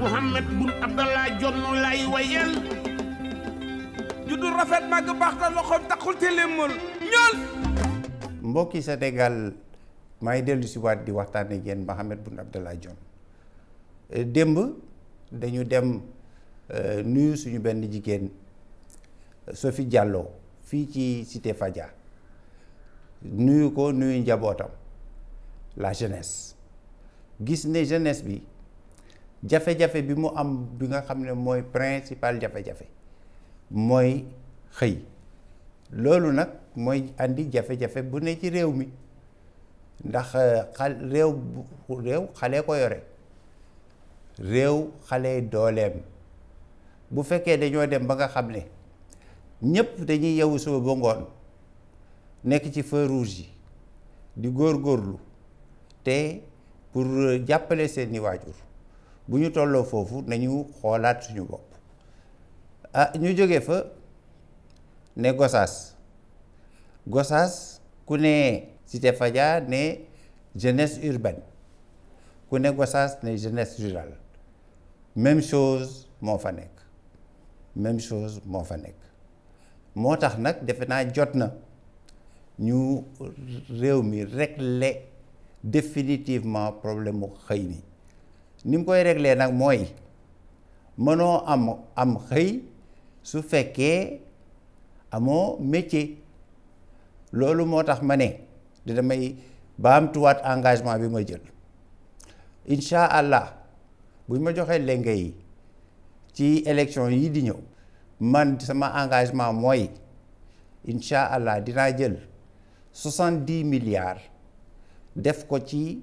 Mohamed bun Abdallah Nous lay wayel Judu rafet mag ta takul te mbokki Sénégal Nous delu ci wat di Mohamed Boun Abdallah John. Eh, demb dañu dem eh, nuyu suñu benn Sophie Diallo ci Cité Fadia nuyu ko la jeunesse gis ne jeunesse bi jafé jafé bi mu am bi nga xamné suis principal jafé jafé moy xey lolou nak moy andi jafé jafé bu ne ci réew mi ndax euh, xal réew réew xale ko yoré bu dem ba nga dañuy yewu bo nek ci feu pour euh, jàppale seeni wajur buñu ñu tolloo foofu nañu xoolaat suñu bopp ah ñu jóge fa ne Gossas Gossas ku ne Cité Fadia ne jeunesse urbaine ku ne Gossas ne jeunesse rurale même chose moo fa nekk même chose moo fa nekk moo tax nag defe naa jot na ñu réew mi régler définitivement problème mu xëy mi ni mu koy régler nag mooy mënoo am am xëy su fekkee amoo métier loolu moo tax ma ne di damay baamtuwaat engagement bi ma jël incha allah bu ñu ma joxee lenge yi ci élection yi di ñëw man sama engagement mooy incha allah dinaa jël soixante-dix milliards def ko ci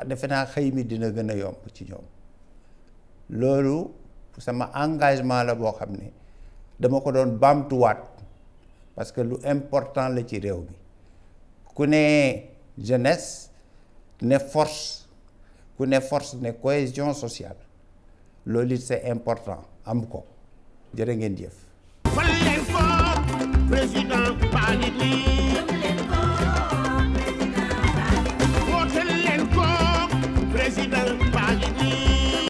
Ah, defe naa xëy dina gëna yomb ci ñom lolu sama engagement la bo xamné dama ko doon bamtu wat parce que lu important la ci réew bi ku né jeunesse né force ku né force né cohésion sociale loolu c'est important am ko jërë ngeen jëf.